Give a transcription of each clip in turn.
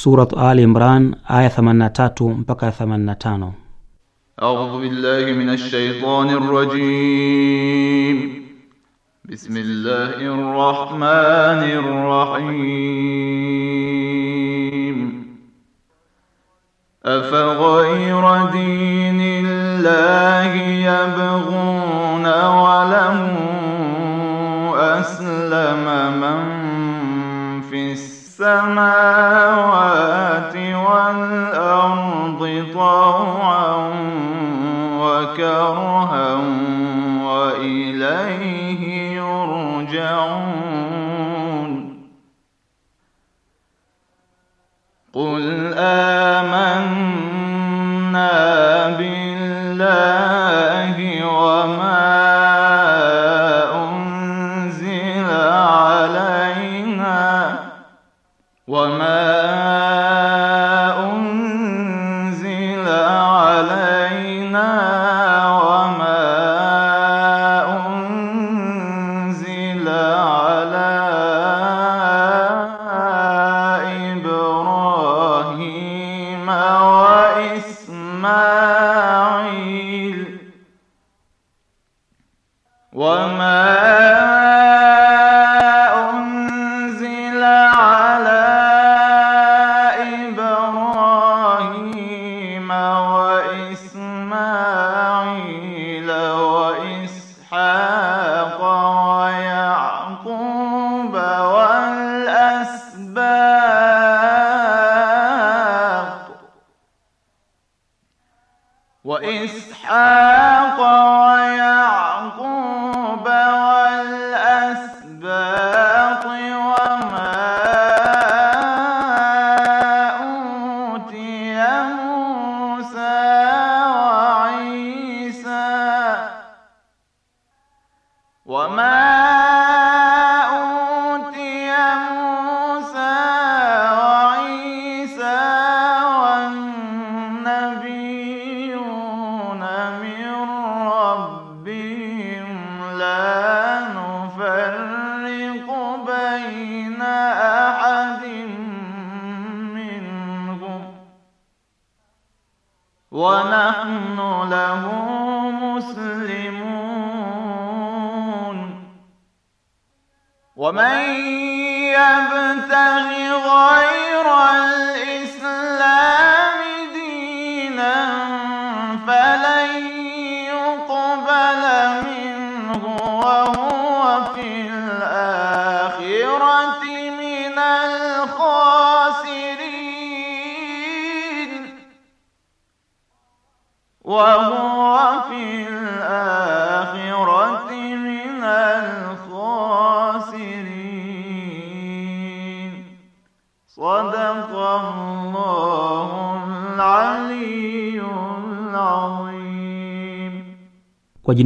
Surat Ali Imran aya 83 mpaka 85. A'udhu billahi minash shaitanir rajim. Bismillahir rahmanir rahim. أفغير دين الله يبغون وله أسلم من في السماء السماوات والأرض طوعا وكرها وإليه يرجعون قل آمنا بالله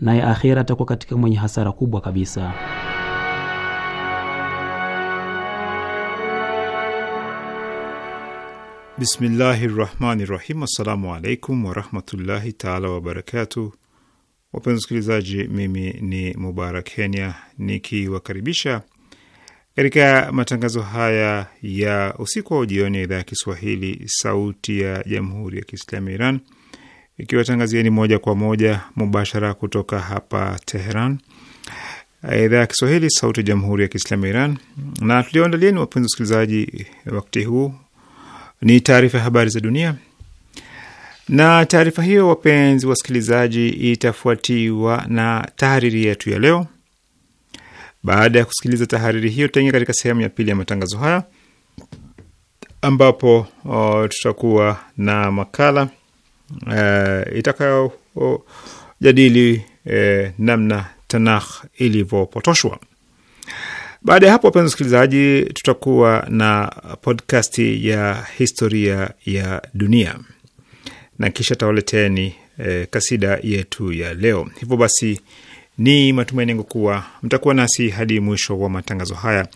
naye akhera atakuwa katika mwenye hasara kubwa kabisa. Bismillahi rahmani rahim. Assalamu alaikum warahmatullahi taala wabarakatu. Wapenzi wasikilizaji, mimi ni Mubarak Kenya nikiwakaribisha katika matangazo haya ya usiku wa jioni ya idhaa ya Kiswahili sauti ya jamhuri ya Kiislamu ya Iran ikiwatangazieni moja kwa moja mubashara kutoka hapa Teheran, idhaa ya Kiswahili, sauti ya jamhuri ya kiislamu ya Iran. Na tulioandalieni, wapenzi wasikilizaji, wakati huu ni taarifa ya habari za dunia, na taarifa hiyo, wapenzi wasikilizaji, itafuatiwa na tahariri yetu ya leo. Baada ya kusikiliza tahariri hiyo, tutaingia katika sehemu ya pili ya matangazo haya ambapo o, uh, tutakuwa na makala uh, itakayojadili uh, namna Tanakh ilivyopotoshwa. Baada ya hapo, wapenzi wasikilizaji, tutakuwa na podkasti ya historia ya dunia na kisha tawaleteni eh, kasida yetu ya leo. Hivyo basi, ni matumaini yangu kuwa mtakuwa nasi hadi mwisho wa matangazo haya.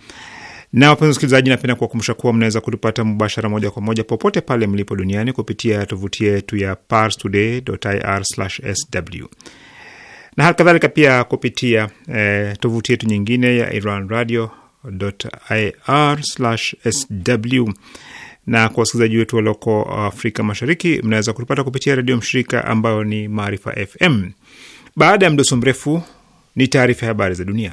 Na wapenzi wasikilizaji, napenda kuwakumbusha kuwa mnaweza kutupata mubashara moja kwa moja popote pale mlipo duniani kupitia tovuti yetu ya parstoday.ir/sw na hali kadhalika pia kupitia eh, tovuti yetu nyingine ya Iran radio ir/sw na kwa wasikilizaji wetu walioko Afrika Mashariki, mnaweza kutupata kupitia redio mshirika ambayo ni Maarifa FM. Baada ya mdoso mrefu, ni taarifa ya habari za dunia.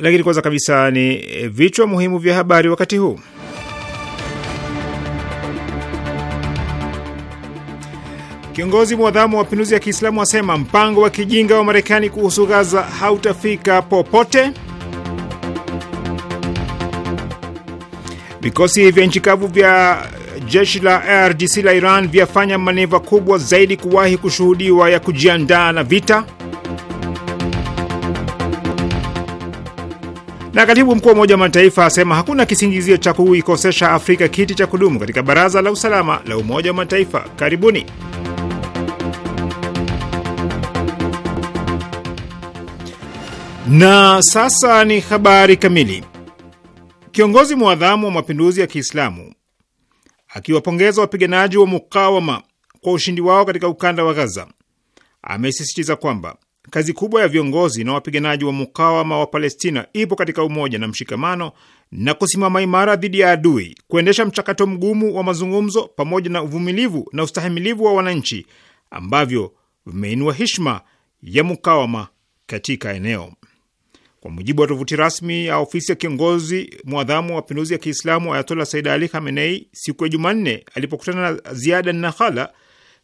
Lakini kwanza kabisa ni eh, vichwa muhimu vya habari wakati huu. Kiongozi mwadhamu wa mapinduzi ya Kiislamu asema mpango wa kijinga wa Marekani kuhusu Gaza hautafika popote. Vikosi vya nchi kavu vya jeshi la RDC la Iran vyafanya maneva kubwa zaidi kuwahi kushuhudiwa ya kujiandaa na vita. Na katibu mkuu wa Umoja wa Mataifa asema hakuna kisingizio cha kuikosesha Afrika kiti cha kudumu katika Baraza la Usalama la Umoja wa Mataifa. Karibuni. Na sasa ni habari kamili. Kiongozi mwadhamu wa mapinduzi ya Kiislamu akiwapongeza wapiganaji wa mukawama kwa ushindi wao katika ukanda wa Gaza amesisitiza kwamba Kazi kubwa ya viongozi na wapiganaji wa mukawama wa Palestina ipo katika umoja na mshikamano na kusimama imara dhidi ya adui, kuendesha mchakato mgumu wa mazungumzo pamoja na uvumilivu na ustahimilivu wa wananchi ambavyo vimeinua heshima ya mukawama katika eneo. Kwa mujibu wa tovuti rasmi ya ofisi ya kiongozi mwadhamu wa mapinduzi ya Kiislamu Ayatola Said Ali Khamenei siku ya Jumanne alipokutana na Ziada Nakhala,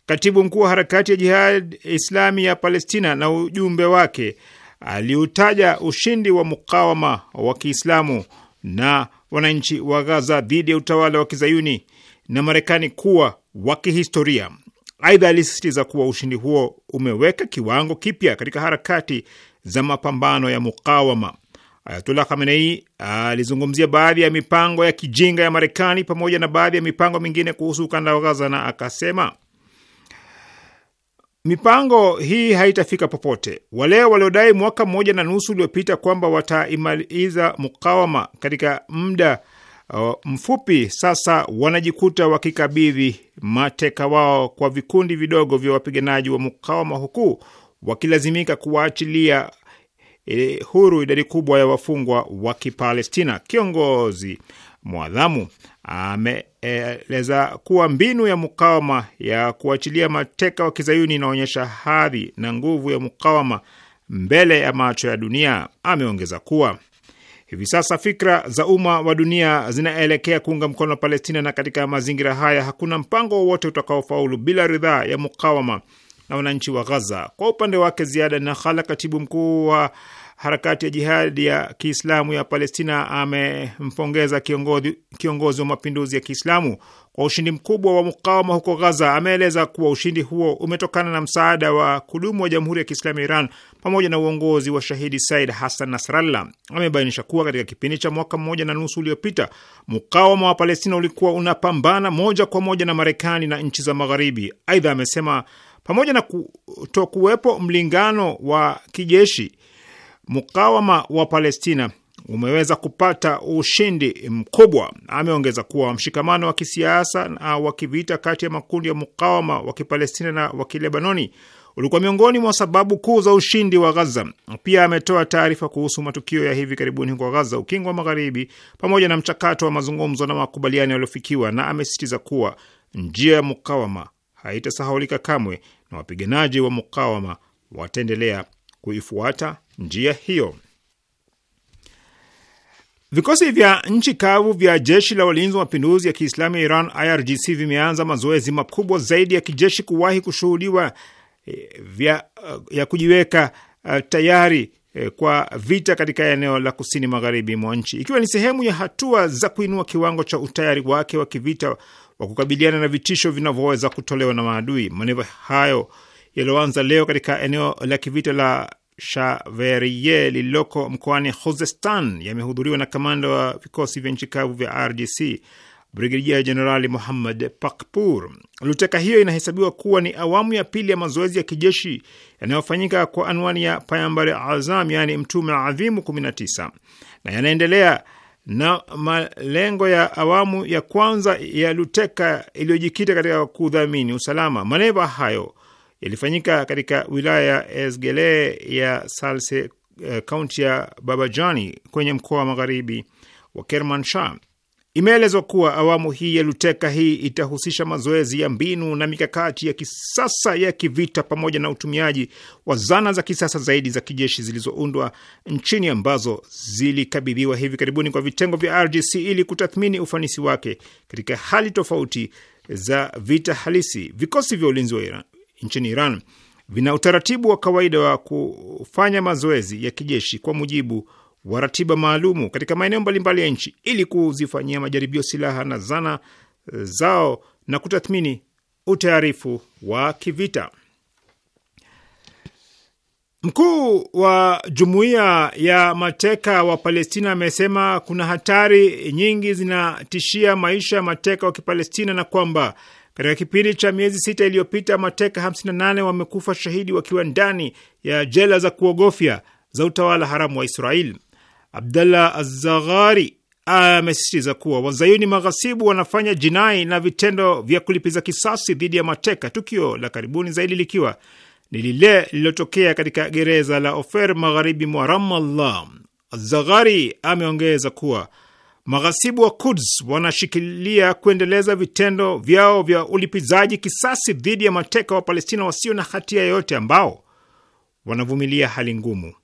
katibu mkuu wa harakati ya Jihad Islami ya Palestina na ujumbe wake aliutaja ushindi wa mukawama wa Kiislamu na wananchi wa Gaza dhidi ya utawala wa kizayuni na Marekani kuwa wa kihistoria. Aidha, alisisitiza kuwa ushindi huo umeweka kiwango kipya katika harakati za mapambano ya mukawama. Ayatullah Khamenei alizungumzia baadhi ya mipango ya kijinga ya Marekani pamoja na baadhi ya mipango mingine kuhusu ukanda wa Gaza na akasema Mipango hii haitafika popote. Wale waliodai mwaka mmoja na nusu uliopita kwamba wataimaliza mukawama katika muda uh, mfupi sasa wanajikuta wakikabidhi mateka wao kwa vikundi vidogo vya wapiganaji wa mukawama huku wakilazimika kuwaachilia eh, huru idadi kubwa ya wafungwa wa Kipalestina. Kiongozi mwadhamu ameeleza kuwa mbinu ya mukawama ya kuachilia mateka wa kizayuni inaonyesha hadhi na nguvu ya mukawama mbele ya macho ya dunia. Ameongeza kuwa hivi sasa fikra za umma wa dunia zinaelekea kuunga mkono wa Palestina, na katika mazingira haya hakuna mpango wowote utakaofaulu bila ridhaa ya mukawama na wananchi wa Ghaza. Kwa upande wake, Ziada na katibu mkuu wa harakati ya jihadi ya Kiislamu ya Palestina amempongeza kiongozi, kiongozi wa mapinduzi ya Kiislamu kwa ushindi mkubwa wa mukawama huko Gaza. Ameeleza kuwa ushindi huo umetokana na msaada wa kudumu wa Jamhuri ya Kiislamu ya Iran pamoja na uongozi wa shahidi Said Hassan Nasrallah. Amebainisha kuwa katika kipindi cha mwaka mmoja na nusu uliopita, mukawama wa Palestina ulikuwa unapambana moja kwa moja na Marekani na nchi za Magharibi. Aidha amesema pamoja na kutokuwepo mlingano wa kijeshi mukawama wa Palestina umeweza kupata ushindi mkubwa. Ameongeza kuwa mshikamano wa kisiasa na wa kivita kati ya makundi ya mukawama wa Kipalestina na wa Kilebanoni ulikuwa miongoni mwa sababu kuu za ushindi wa Gaza. Pia ametoa taarifa kuhusu matukio ya hivi karibuni huko Gaza, ukingo wa Magharibi, pamoja na mchakato wa mazungumzo na makubaliano yaliyofikiwa, na amesisitiza kuwa njia ya mukawama haitasahaulika kamwe na wapiganaji wa mukawama wataendelea kuifuata njia hiyo. Vikosi vya nchi kavu vya jeshi la walinzi wa mapinduzi ya Kiislamu ya Iran, IRGC, vimeanza mazoezi makubwa zaidi ya kijeshi kuwahi kushuhudiwa eh, vya, eh, ya kujiweka eh, tayari kwa vita katika eneo la kusini magharibi mwa nchi, ikiwa ni sehemu ya hatua za kuinua kiwango cha utayari wake wa kivita wa kukabiliana na vitisho vinavyoweza kutolewa na maadui. Maneva hayo yaliyoanza leo katika eneo la kivita la Shaverie lililoko mkoani Khuzestan yamehudhuriwa na kamanda wa vikosi vya nchi kavu vya RDC Brigedia Jenerali Muhammad Pakpur. Luteka hiyo inahesabiwa kuwa ni awamu ya pili ya mazoezi ya kijeshi yanayofanyika kwa anwani ya Payambare Azam, yaani Mtume Adhimu 19 na yanaendelea na malengo ya awamu ya kwanza ya Luteka iliyojikita katika kudhamini usalama. Maneva hayo yalifanyika katika wilaya ya Esgele ya Salse, eh, kaunti ya Babajani kwenye mkoa wa magharibi wa Kermanshah. Imeelezwa kuwa awamu hii ya Luteka hii itahusisha mazoezi ya mbinu na mikakati ya kisasa ya kivita pamoja na utumiaji wa zana za kisasa zaidi za kijeshi zilizoundwa nchini ambazo zilikabidhiwa hivi karibuni kwa vitengo vya RGC ili kutathmini ufanisi wake katika hali tofauti za vita halisi. Vikosi vya ulinzi wa Iran nchini Iran vina utaratibu wa kawaida wa kufanya mazoezi ya kijeshi kwa mujibu wa ratiba maalumu katika maeneo mbalimbali ya nchi ili kuzifanyia majaribio silaha na zana zao na kutathmini utayarifu wa kivita. Mkuu wa jumuiya ya mateka wa Palestina amesema kuna hatari nyingi zinatishia maisha ya mateka wa Kipalestina na kwamba katika kipindi cha miezi sita iliyopita, mateka 58 wamekufa shahidi wakiwa ndani ya jela za kuogofya za utawala haramu wa Israel. Abdallah Azaghari amesisitiza kuwa wazayuni maghasibu wanafanya jinai na vitendo vya kulipiza kisasi dhidi ya mateka, tukio la karibuni zaidi likiwa ni lile lililotokea katika gereza la Ofer magharibi mwa Ramallah. Zaghari ameongeza kuwa Maghasibu wa Kuds wanashikilia kuendeleza vitendo vyao vya ulipizaji kisasi dhidi ya mateka wa Palestina wasio na hatia yoyote ambao wanavumilia hali ngumu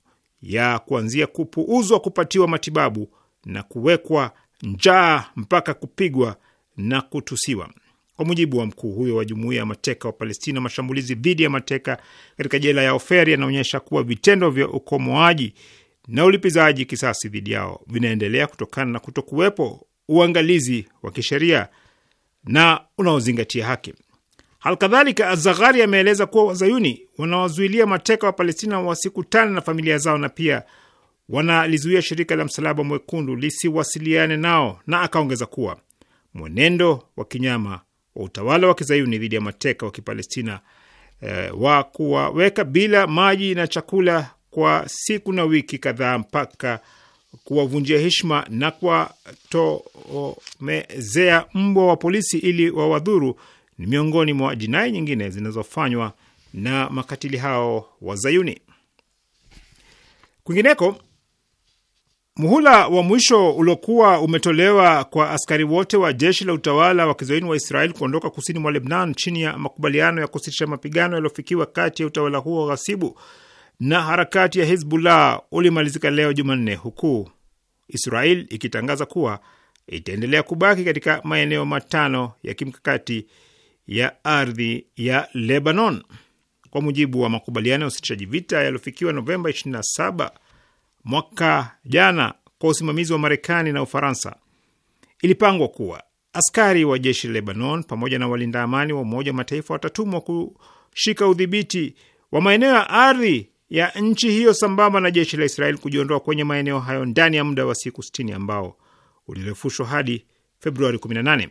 ya kuanzia kupuuzwa kupatiwa matibabu na kuwekwa njaa mpaka kupigwa na kutusiwa. Kwa mujibu wa mkuu huyo wa jumuiya ya mateka wa Palestina, mashambulizi dhidi ya mateka katika jela ya Oferi yanaonyesha kuwa vitendo vya ukomoaji na ulipizaji kisasi dhidi yao vinaendelea kutokana na kutokuwepo uangalizi wa kisheria na unaozingatia haki. Halkadhalika, Azaghari ameeleza kuwa wazayuni wanawazuilia mateka wa Palestina wasikutane na familia zao na pia wanalizuia shirika la Msalaba Mwekundu lisiwasiliane nao, na akaongeza kuwa mwenendo wa kinyama wa utawala wa kizayuni dhidi ya mateka wa Kipalestina e, wa kuwaweka bila maji na chakula kwa siku na wiki kadhaa mpaka kuwavunjia heshima na kuwatomezea mbwa wa polisi ili wawadhuru ni miongoni mwa jinai nyingine zinazofanywa na makatili hao Wazayuni. Kwingineko, muhula wa mwisho uliokuwa umetolewa kwa askari wote wa jeshi la utawala wa kizayuni wa israel kuondoka kusini mwa Lebnan chini ya makubaliano ya kusitisha mapigano yaliyofikiwa kati ya utawala huo ghasibu na harakati ya Hizbullah ulimalizika leo Jumanne, huku Israel ikitangaza kuwa itaendelea kubaki katika maeneo matano ya kimkakati ya ardhi ya Lebanon kwa mujibu wa makubaliano ya usitishaji vita yaliyofikiwa Novemba 27 mwaka jana kwa usimamizi wa Marekani na Ufaransa. Ilipangwa kuwa askari wa jeshi Lebanon pamoja na walinda amani wa Umoja wa Mataifa watatumwa kushika udhibiti wa maeneo ya ardhi ya nchi hiyo sambamba na jeshi la Israel kujiondoa kwenye maeneo hayo ndani ya muda wa siku 60 ambao ulirefushwa hadi Februari 18.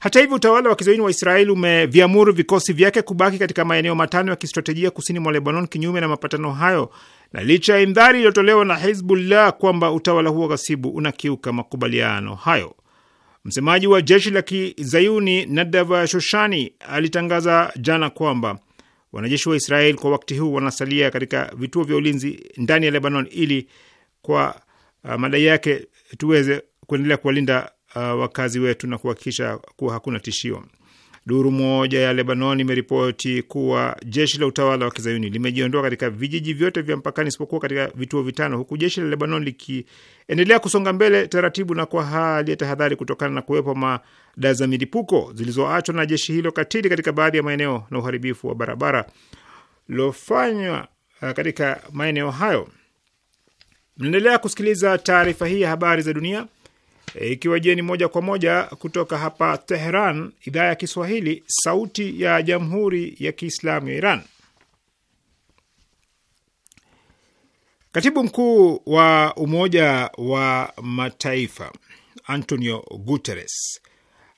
Hata hivyo, utawala wa kizoini wa Israel umeviamuru vikosi vyake kubaki katika maeneo matano ya kistratejia kusini mwa Lebanon kinyume na mapatano hayo, na licha ya imdhari iliyotolewa na Hizbullah kwamba utawala huo ghasibu unakiuka makubaliano hayo. Msemaji wa jeshi la kizayuni Nadav Shoshani alitangaza jana kwamba Wanajeshi wa Israel kwa wakati huu wanasalia katika vituo vya ulinzi ndani ya Lebanon ili kwa uh, madai yake tuweze kuendelea kuwalinda uh, wakazi wetu na kuhakikisha kuwa hakuna tishio. Duru moja ya Lebanon imeripoti kuwa jeshi la utawala wa kizayuni limejiondoa katika vijiji vyote vya mpakani isipokuwa katika vituo vitano, huku jeshi la Lebanon likiendelea kusonga mbele taratibu na kwa hali ya tahadhari kutokana na kuwepo mada za milipuko zilizoachwa na jeshi hilo katili katika baadhi ya maeneo na uharibifu wa barabara lofanywa eh, katika maeneo hayo. Mnaendelea kusikiliza taarifa hii ya habari za dunia E, ikiwa jieni moja kwa moja kutoka hapa Teheran, idhaa ya Kiswahili, sauti ya jamhuri ya kiislamu ya Iran. Katibu mkuu wa Umoja wa Mataifa Antonio Guterres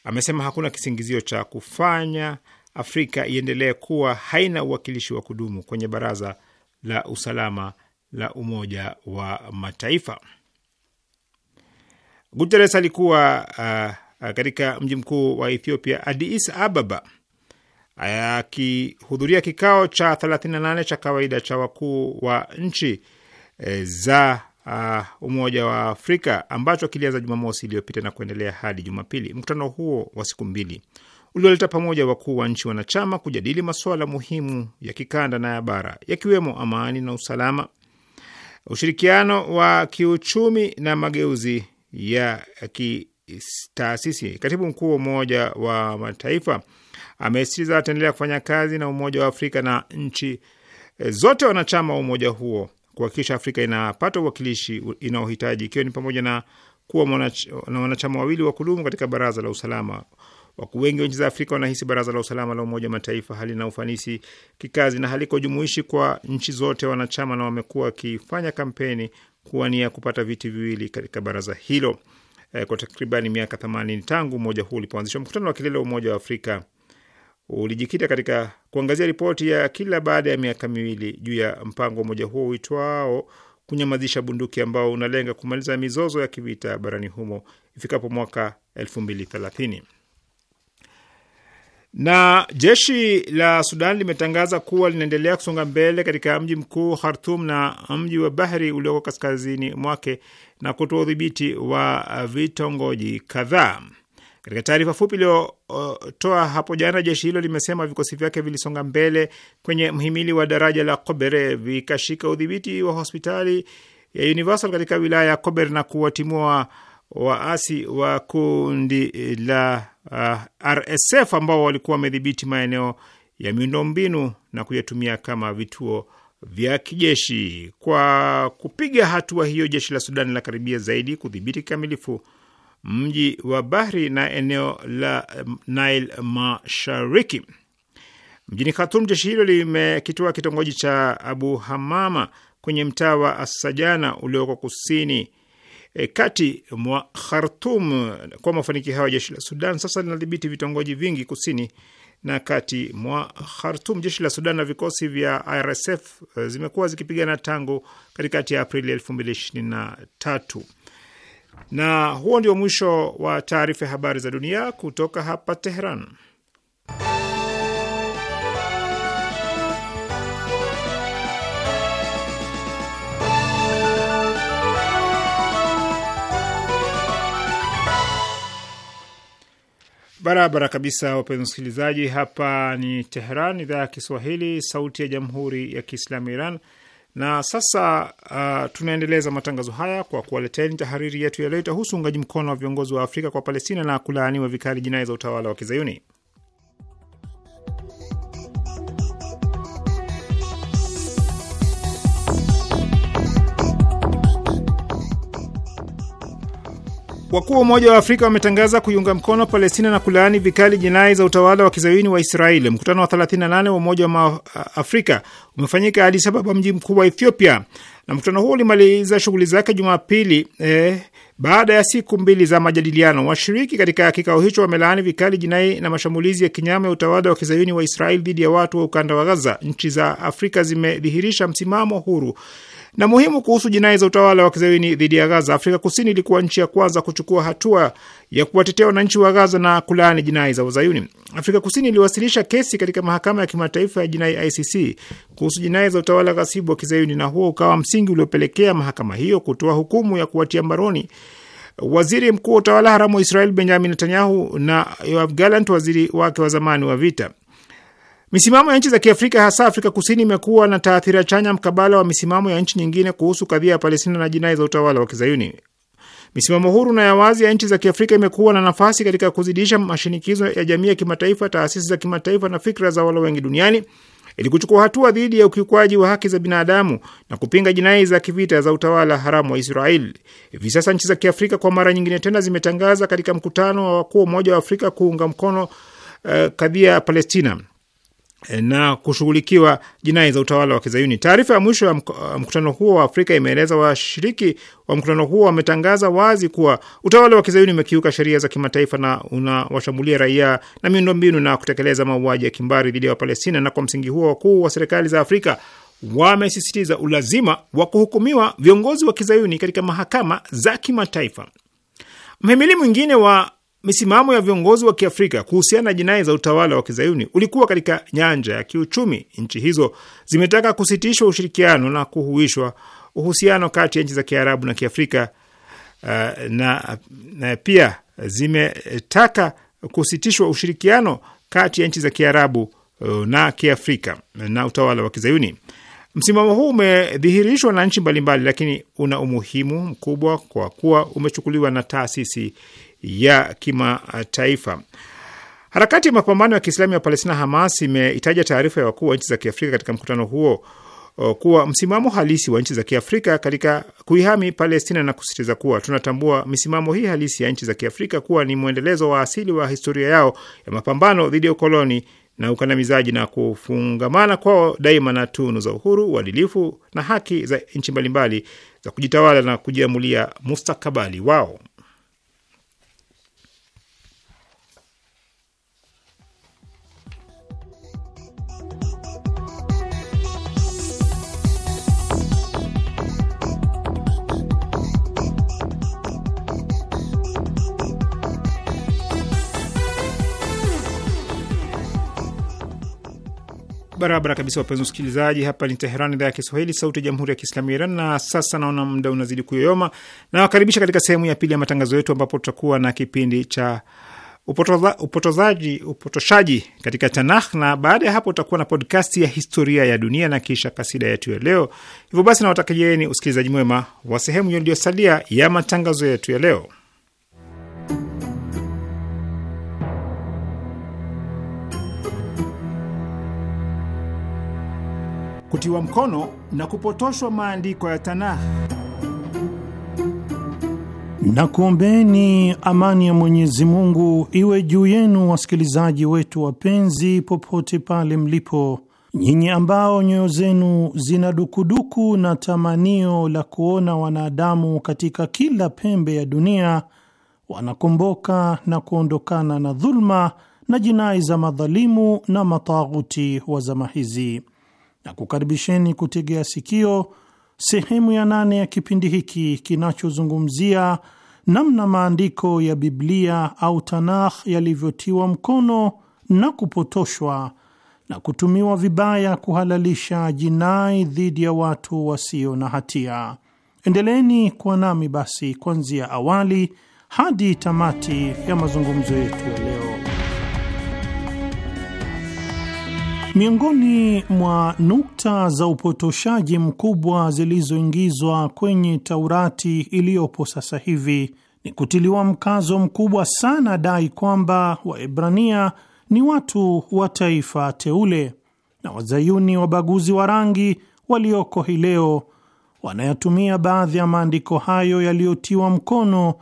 amesema hakuna kisingizio cha kufanya Afrika iendelee kuwa haina uwakilishi wa kudumu kwenye Baraza la Usalama la Umoja wa Mataifa. Guterres alikuwa uh, uh, katika mji mkuu wa Ethiopia Addis Ababa akihudhuria kikao cha 38 cha kawaida cha wakuu wa nchi e, za uh, Umoja wa Afrika ambacho kilianza Jumamosi iliyopita na kuendelea hadi Jumapili. Mkutano huo wa siku mbili ulioleta pamoja wakuu wa nchi wanachama kujadili masuala muhimu ya kikanda na ya bara yakiwemo amani na usalama, ushirikiano wa kiuchumi na mageuzi ya kitaasisi. Katibu mkuu wa Umoja wa Mataifa amesisitiza ataendelea kufanya kazi na Umoja wa Afrika na nchi zote wanachama wa umoja huo kuhakikisha Afrika inapata uwakilishi inaohitaji ikiwa ni pamoja na kuwa mwanach na wanachama wawili wa kudumu katika Baraza la Usalama. Wakuu wengi wa nchi za Afrika wanahisi Baraza la Usalama la Umoja Mataifa halina ufanisi kikazi na haliko jumuishi kwa nchi zote wanachama, na wamekuwa wakifanya kampeni kuwania kupata viti viwili katika baraza hilo eh, kwa takribani miaka themanini tangu umoja huu ulipoanzishwa. Mkutano wa kilele wa Umoja wa Afrika ulijikita katika kuangazia ripoti ya kila baada ya miaka miwili juu ya mpango wa umoja huo uitwao kunyamazisha bunduki, ambao unalenga kumaliza mizozo ya kivita barani humo ifikapo mwaka elfu mbili thelathini. Na jeshi la Sudan limetangaza kuwa linaendelea kusonga mbele katika mji mkuu Khartum na mji wa Bahri ulioko kaskazini mwake na kutoa udhibiti wa vitongoji kadhaa. Katika taarifa fupi iliyotoa hapo jana, jeshi hilo limesema vikosi vyake vilisonga mbele kwenye mhimili wa daraja la Kobere vikashika udhibiti wa hospitali ya Universal katika wilaya ya Kober na kuwatimua waasi wa kundi la uh, RSF ambao walikuwa wamedhibiti maeneo ya miundombinu na kuyatumia kama vituo vya kijeshi. Kwa kupiga hatua hiyo, jeshi la Sudan linakaribia zaidi kudhibiti kikamilifu mji wa Bahri na eneo la um, Nile Mashariki. Mjini Khartoum, jeshi hilo limekitoa kitongoji cha Abu Hamama kwenye mtaa wa Assajana ulioko kusini e, kati mwa Khartum. Kwa mafanikio hayo, jeshi la Sudan sasa linadhibiti vitongoji vingi kusini na kati mwa Khartum. Jeshi la Sudan na vikosi vya RSF e, zimekuwa zikipigana tangu katikati ya Aprili 2023. Na huo ndio mwisho wa taarifa ya habari za dunia kutoka hapa teheran Barabara kabisa, wapenzi wasikilizaji, hapa ni Tehran, idhaa ya Kiswahili, sauti ya jamhuri ya kiislamu ya Iran. Na sasa uh, tunaendeleza matangazo haya kwa kuwaleteni tahariri yetu yaliyo Itahusu uungaji mkono wa viongozi wa Afrika kwa Palestina na kulaaniwa vikali jinai za utawala wa Kizayuni. Wakuu wa Umoja wa Afrika wametangaza kuiunga mkono Palestina na kulaani vikali jinai za utawala wa kizayuni wa Israeli. Mkutano wa 38 wa Umoja wa Afrika umefanyika Addis Ababa, mji mkuu wa Ethiopia, na mkutano huo ulimaliza shughuli zake Jumapili eh, baada ya siku mbili za majadiliano. Washiriki katika kikao hicho wamelaani vikali jinai na mashambulizi ya kinyama ya utawala wa kizayuni wa Israeli dhidi ya watu wa ukanda wa Gaza. Nchi za Afrika zimedhihirisha msimamo huru na muhimu kuhusu jinai za utawala wa kizayuni dhidi ya Gaza, Afrika Kusini ilikuwa nchi ya kwanza kuchukua hatua ya kuwatetea wananchi wa Gaza na kulaani jinai za Uzayuni. Afrika Kusini iliwasilisha kesi katika mahakama ya kimataifa ya jinai ICC kuhusu jinai za utawala ghasibu wa kizayuni, na huo ukawa msingi uliopelekea mahakama hiyo kutoa hukumu ya kuwatia mbaroni waziri mkuu wa utawala haramu wa Israel Benjamin Netanyahu na Yoav Gallant, waziri wake wa zamani wa vita. Misimamo ya nchi za Kiafrika hasa Afrika Kusini imekuwa na taathira chanya mkabala wa misimamo ya nchi nyingine kuhusu kadhia ya Palestina na jinai za utawala wa Kizayuni. Misimamo huru na ya wazi ya nchi za Kiafrika imekuwa na nafasi katika kuzidisha mashinikizo ya jamii ya kimataifa, taasisi za kimataifa na fikra za walo wengi duniani ili kuchukua hatua dhidi ya ukiukwaji wa haki za binadamu na kupinga jinai za kivita za utawala haramu wa Israeli. Hivi sasa nchi za Kiafrika kwa mara nyingine tena zimetangaza katika mkutano wa wakuu wa Umoja wa Afrika kuunga mkono uh, kadhia ya Palestina. Eh, na kushughulikiwa jinai za utawala wa Kizayuni. Taarifa ya mwisho ya uh, mkutano huo wa Afrika imeeleza washiriki wa mkutano huo wametangaza wazi kuwa utawala wa Kizayuni umekiuka sheria za kimataifa na unawashambulia raia na miundombinu na kutekeleza mauaji ya kimbari dhidi ya Wapalestina, na kwa msingi huo wakuu wa serikali za Afrika wamesisitiza ulazima wa kuhukumiwa viongozi wa Kizayuni katika mahakama za kimataifa. Mhimili mwingine wa misimamo ya viongozi wa Kiafrika kuhusiana na jinai za utawala wa kizayuni ulikuwa katika nyanja ya kiuchumi. Nchi hizo zimetaka kusitishwa ushirikiano na kuhuishwa uhusiano kati ya nchi za Kiarabu na Kiafrika uh, na, na pia zimetaka kusitishwa ushirikiano kati ya nchi za Kiarabu uh, na Kiafrika na utawala wa kizayuni. Msimamo huu umedhihirishwa na nchi mbalimbali, lakini una umuhimu mkubwa kwa kuwa umechukuliwa na taasisi ya kimataifa. Harakati ya mapambano ya Kiislamu ya Palestina, Hamas, imeitaja taarifa ya wakuu wa nchi za Kiafrika katika mkutano huo kuwa msimamo halisi wa nchi za Kiafrika katika kuihami Palestina na kusisitiza kuwa tunatambua misimamo hii halisi ya nchi za Kiafrika kuwa ni mwendelezo wa asili wa historia yao ya mapambano dhidi ya ukoloni na ukandamizaji na kufungamana kwao daima na tunu za uhuru, uadilifu na haki za nchi mbalimbali za kujitawala na kujiamulia mustakabali wao. Barabara kabisa, wapenzi wasikilizaji, hapa ni Teheran, idhaa ya Kiswahili, sauti ya jamhuri ya kiislamu ya Iran. Na sasa naona muda unazidi kuyoyoma, nawakaribisha katika sehemu ya pili ya matangazo yetu, ambapo tutakuwa na kipindi cha upotozaji upotoshaji katika Tanakh, na baada ya hapo utakuwa na podkasti ya historia ya dunia na kisha kasida yetu ya leo. Hivyo basi, nawatakieni usikilizaji mwema wa sehemu iliyosalia ya matangazo yetu ya leo. kutiwa mkono na kupotoshwa maandiko ya Tanakh. Na kuombeni amani ya Mwenyezi Mungu iwe juu yenu, wasikilizaji wetu wapenzi, popote pale mlipo, nyinyi ambao nyoyo zenu zina dukuduku na tamanio la kuona wanadamu katika kila pembe ya dunia wanakomboka na kuondokana na dhuluma na jinai za madhalimu na mataghuti wa zama hizi na kukaribisheni kutegea sikio sehemu ya nane ya kipindi hiki kinachozungumzia namna maandiko ya Biblia au Tanakh yalivyotiwa mkono na kupotoshwa na kutumiwa vibaya kuhalalisha jinai dhidi ya watu wasio na hatia. Endeleeni kuwa nami basi kuanzia awali hadi tamati ya mazungumzo yetu ya leo. Miongoni mwa nukta za upotoshaji mkubwa zilizoingizwa kwenye Taurati iliyopo sasa hivi ni kutiliwa mkazo mkubwa sana dai kwamba Waebrania ni watu wa taifa teule, na wazayuni wabaguzi wa rangi walioko hii leo wanayatumia baadhi ya maandiko hayo yaliyotiwa mkono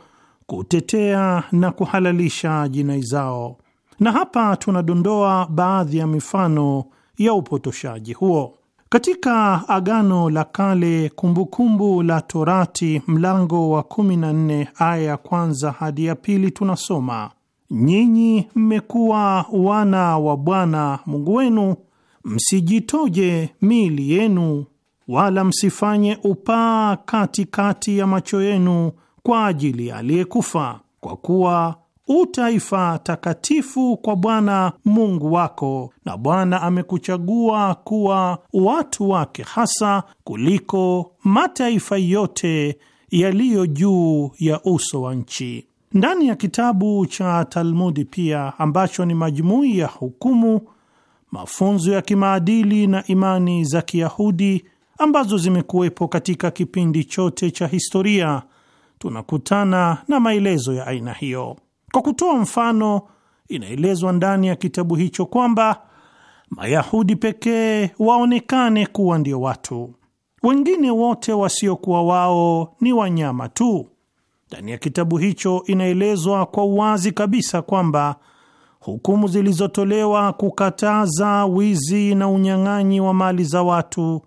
kutetea na kuhalalisha jinai zao. Na hapa tunadondoa baadhi ya mifano ya upotoshaji huo. Katika Agano la Kale, Kumbukumbu la Torati mlango wa 14 aya ya kwanza hadi ya pili tunasoma, nyinyi mmekuwa wana wa Bwana Mungu wenu, msijitoje miili yenu, wala msifanye upaa katikati ya macho yenu kwa ajili aliyekufa, kwa kuwa utaifa takatifu kwa Bwana Mungu wako, na Bwana amekuchagua kuwa watu wake hasa kuliko mataifa yote yaliyo juu ya uso wa nchi. Ndani ya kitabu cha Talmudi pia ambacho ni majumui ya hukumu, mafunzo ya kimaadili na imani za Kiyahudi ambazo zimekuwepo katika kipindi chote cha historia, tunakutana na maelezo ya aina hiyo. Kwa kutoa mfano, inaelezwa ndani ya kitabu hicho kwamba Mayahudi pekee waonekane kuwa ndio watu, wengine wote wasiokuwa wao ni wanyama tu. Ndani ya kitabu hicho inaelezwa kwa uwazi kabisa kwamba hukumu zilizotolewa kukataza wizi na unyang'anyi wa mali za watu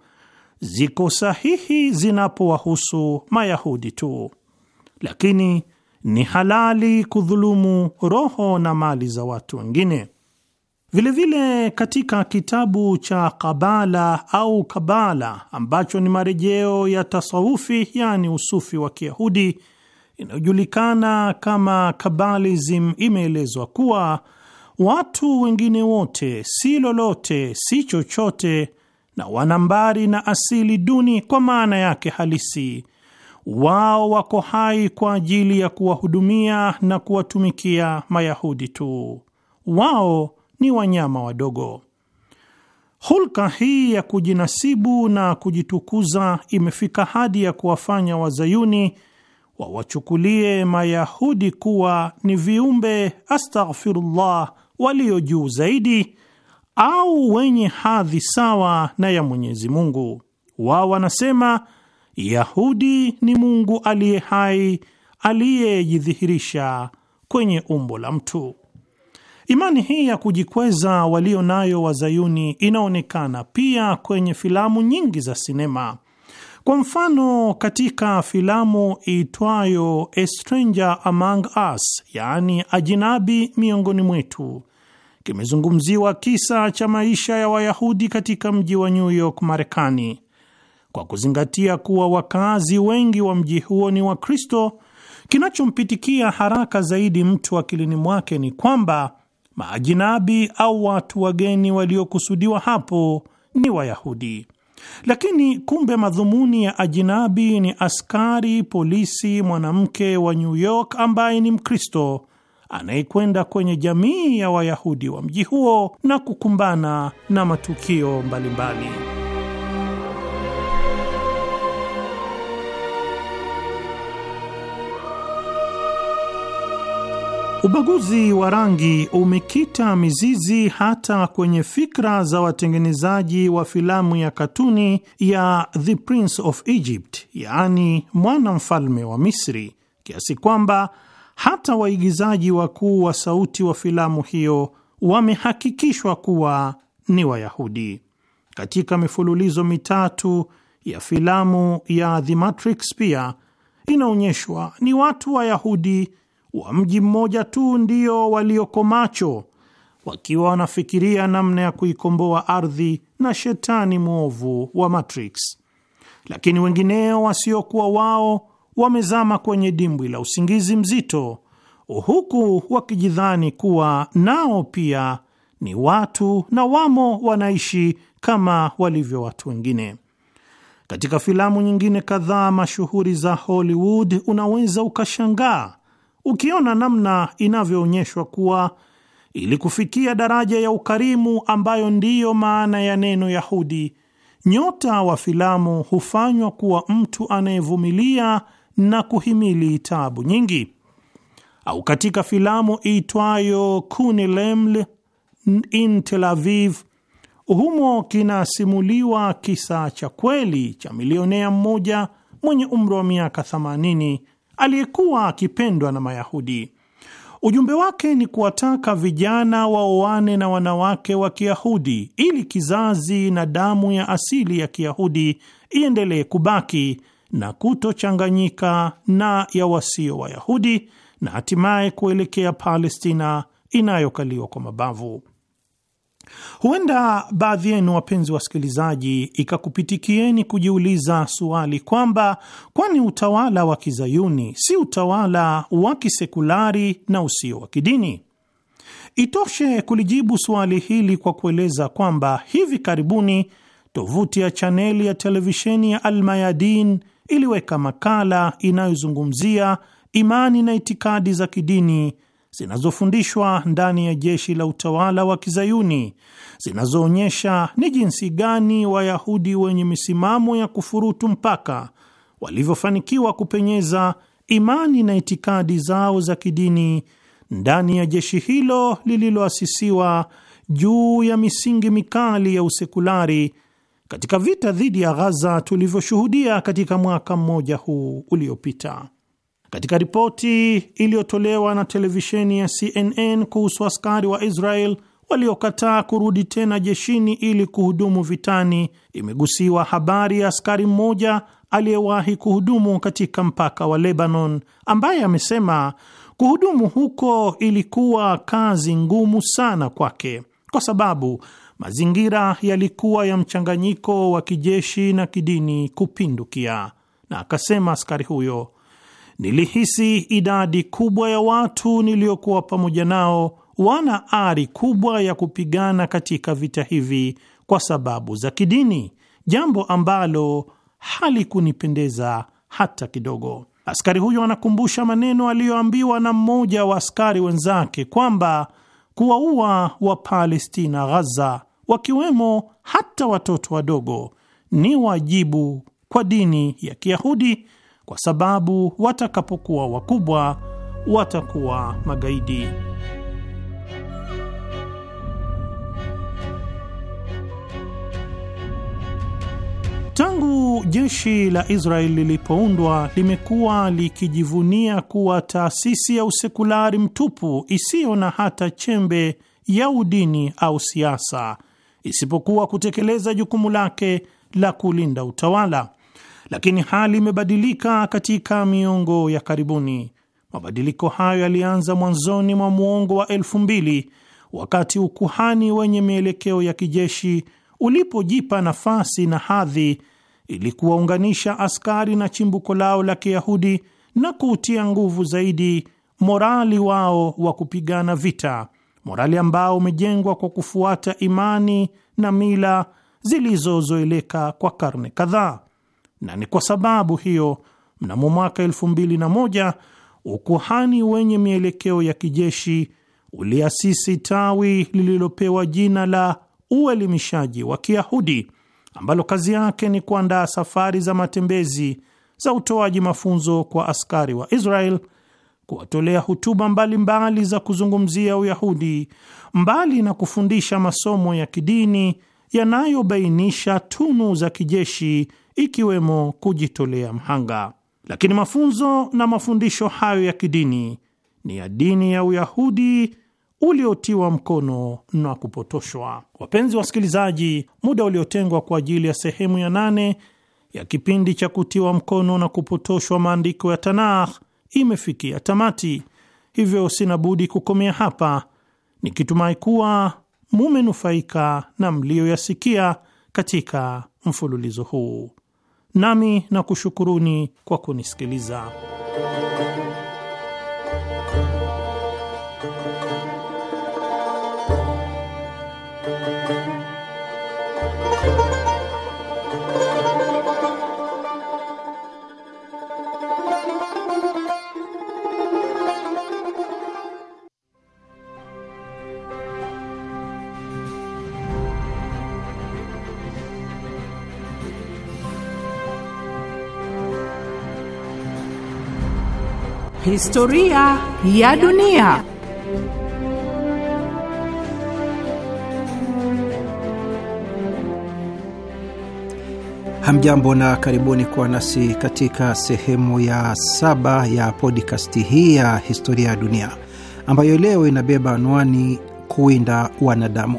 ziko sahihi zinapowahusu Mayahudi tu, lakini ni halali kudhulumu roho na mali za watu wengine. Vilevile vile katika kitabu cha Kabala au Kabala ambacho ni marejeo ya tasawufi, yaani usufi wa Kiyahudi inayojulikana kama Kabalism, imeelezwa kuwa watu wengine wote si lolote, si chochote, na wanambari na asili duni kwa maana yake halisi wao wako hai kwa ajili ya kuwahudumia na kuwatumikia Mayahudi tu. Wao ni wanyama wadogo. Hulka hii ya kujinasibu na kujitukuza imefika hadi ya kuwafanya wazayuni wawachukulie Mayahudi kuwa ni viumbe, astaghfirullah, walio juu zaidi au wenye hadhi sawa na ya Mwenyezi Mungu. Wao wanasema Yahudi ni Mungu aliye hai aliyejidhihirisha kwenye umbo la mtu. Imani hii ya kujikweza walio nayo wazayuni inaonekana pia kwenye filamu nyingi za sinema. Kwa mfano, katika filamu iitwayo A Stranger Among Us, yaani ajinabi miongoni mwetu, kimezungumziwa kisa cha maisha ya Wayahudi katika mji wa New York, Marekani. Kwa kuzingatia kuwa wakazi wengi wa mji huo ni Wakristo, kinachompitikia haraka zaidi mtu akilini mwake ni kwamba maajinabi au watu wageni waliokusudiwa hapo ni Wayahudi. Lakini kumbe madhumuni ya ajinabi ni askari polisi mwanamke wa New York ambaye ni Mkristo anayekwenda kwenye jamii ya Wayahudi wa mji huo na kukumbana na matukio mbalimbali mbali. Ubaguzi wa rangi umekita mizizi hata kwenye fikra za watengenezaji wa filamu ya katuni ya The Prince of Egypt, yaani mwana mfalme wa Misri, kiasi kwamba hata waigizaji wakuu wa sauti wa filamu hiyo wamehakikishwa kuwa ni Wayahudi. Katika mifululizo mitatu ya filamu ya The Matrix pia inaonyeshwa ni watu Wayahudi wa mji mmoja tu ndio walioko macho, wakiwa wanafikiria namna ya kuikomboa ardhi na shetani mwovu wa Matrix, lakini wengineo wasiokuwa wao wamezama kwenye dimbwi la usingizi mzito, huku wakijidhani kuwa nao pia ni watu na wamo wanaishi kama walivyo watu wengine. Katika filamu nyingine kadhaa mashuhuri za Hollywood, unaweza ukashangaa Ukiona namna inavyoonyeshwa kuwa ili kufikia daraja ya ukarimu ambayo ndiyo maana ya neno Yahudi, nyota wa filamu hufanywa kuwa mtu anayevumilia na kuhimili taabu nyingi. Au katika filamu iitwayo Kunileml in Tel Aviv, humo kinasimuliwa kisa cha kweli cha milionea mmoja mwenye umri wa miaka 80 aliyekuwa akipendwa na Mayahudi. Ujumbe wake ni kuwataka vijana waoane na wanawake wa Kiyahudi ili kizazi na damu ya asili ya Kiyahudi iendelee kubaki na kutochanganyika na ya wasio Wayahudi na hatimaye kuelekea Palestina inayokaliwa kwa mabavu. Huenda baadhi yenu wapenzi wasikilizaji, ikakupitikieni kujiuliza suali kwamba kwani utawala wa kizayuni si utawala wa kisekulari na usio wa kidini? Itoshe kulijibu suali hili kwa kueleza kwamba hivi karibuni tovuti ya chaneli ya televisheni ya Almayadin iliweka makala inayozungumzia imani na itikadi za kidini zinazofundishwa ndani ya jeshi la utawala wa kizayuni zinazoonyesha ni jinsi gani Wayahudi wenye misimamo ya kufurutu mpaka walivyofanikiwa kupenyeza imani na itikadi zao za kidini ndani ya jeshi hilo lililoasisiwa juu ya misingi mikali ya usekulari katika vita dhidi ya Ghaza tulivyoshuhudia katika mwaka mmoja huu uliopita. Katika ripoti iliyotolewa na televisheni ya CNN kuhusu askari wa Israel waliokataa kurudi tena jeshini ili kuhudumu vitani, imegusiwa habari ya askari mmoja aliyewahi kuhudumu katika mpaka wa Lebanon, ambaye amesema kuhudumu huko ilikuwa kazi ngumu sana kwake kwa sababu mazingira yalikuwa ya mchanganyiko wa kijeshi na kidini kupindukia, na akasema askari huyo nilihisi idadi kubwa ya watu niliyokuwa pamoja nao wana ari kubwa ya kupigana katika vita hivi kwa sababu za kidini, jambo ambalo halikunipendeza hata kidogo. Askari huyo anakumbusha maneno aliyoambiwa na mmoja wa askari wenzake kwamba kuwaua Wapalestina Ghaza, wakiwemo hata watoto wadogo, ni wajibu kwa dini ya Kiyahudi kwa sababu watakapokuwa wakubwa watakuwa magaidi. Tangu jeshi la israel lilipoundwa limekuwa likijivunia kuwa taasisi ya usekulari mtupu isiyo na hata chembe ya udini au siasa, isipokuwa kutekeleza jukumu lake la kulinda utawala lakini hali imebadilika katika miongo ya karibuni. Mabadiliko hayo yalianza mwanzoni mwa muongo wa elfu mbili wakati ukuhani wenye mielekeo ya kijeshi ulipojipa nafasi na hadhi ili kuwaunganisha askari na chimbuko lao la Kiyahudi na kuutia nguvu zaidi morali wao wa kupigana vita, morali ambao umejengwa kwa kufuata imani na mila zilizozoeleka kwa karne kadhaa na ni kwa sababu hiyo mnamo mwaka elfu mbili na moja ukuhani wenye mielekeo ya kijeshi uliasisi tawi lililopewa jina la uelimishaji wa Kiyahudi ambalo kazi yake ni kuandaa safari za matembezi za utoaji mafunzo kwa askari wa Israel, kuwatolea hutuba mbalimbali mbali za kuzungumzia Uyahudi, mbali na kufundisha masomo ya kidini yanayobainisha tunu za kijeshi ikiwemo kujitolea mhanga. Lakini mafunzo na mafundisho hayo ya kidini ni ya dini ya Uyahudi uliotiwa mkono na kupotoshwa. Wapenzi wasikilizaji, muda uliotengwa kwa ajili ya sehemu ya nane ya kipindi cha kutiwa mkono na kupotoshwa maandiko ya Tanakh imefikia tamati, hivyo sina budi kukomea hapa nikitumai kuwa mumenufaika na mliyoyasikia katika mfululizo huu nami na kushukuruni kwa kunisikiliza. Historia ya dunia. Hamjambo na karibuni kuwa nasi katika sehemu ya saba ya podikasti hii ya historia ya dunia ambayo leo inabeba anwani kuwinda wanadamu.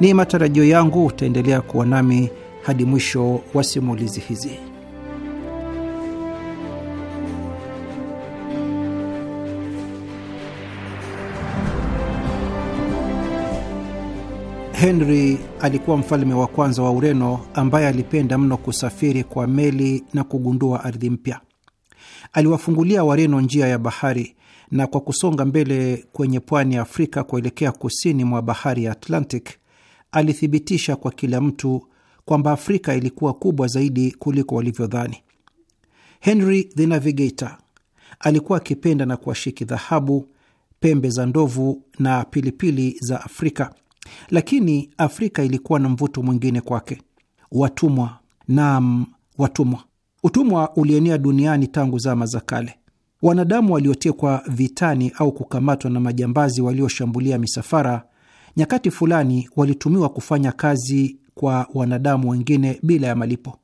Ni matarajio yangu utaendelea kuwa nami hadi mwisho wa simulizi hizi. Henry alikuwa mfalme wa kwanza wa Ureno ambaye alipenda mno kusafiri kwa meli na kugundua ardhi mpya. Aliwafungulia Wareno njia ya bahari na kwa kusonga mbele kwenye pwani ya Afrika kuelekea kusini mwa bahari ya Atlantic, alithibitisha kwa kila mtu kwamba Afrika ilikuwa kubwa zaidi kuliko walivyodhani. Henry the Navigator alikuwa akipenda na kuwashiki dhahabu, pembe za ndovu na pilipili za Afrika. Lakini Afrika ilikuwa na mvuto mwingine kwake: watumwa. Naam, watumwa. Utumwa ulienea duniani tangu zama za kale. Wanadamu waliotekwa vitani au kukamatwa na majambazi walioshambulia misafara, nyakati fulani walitumiwa kufanya kazi kwa wanadamu wengine bila ya malipo.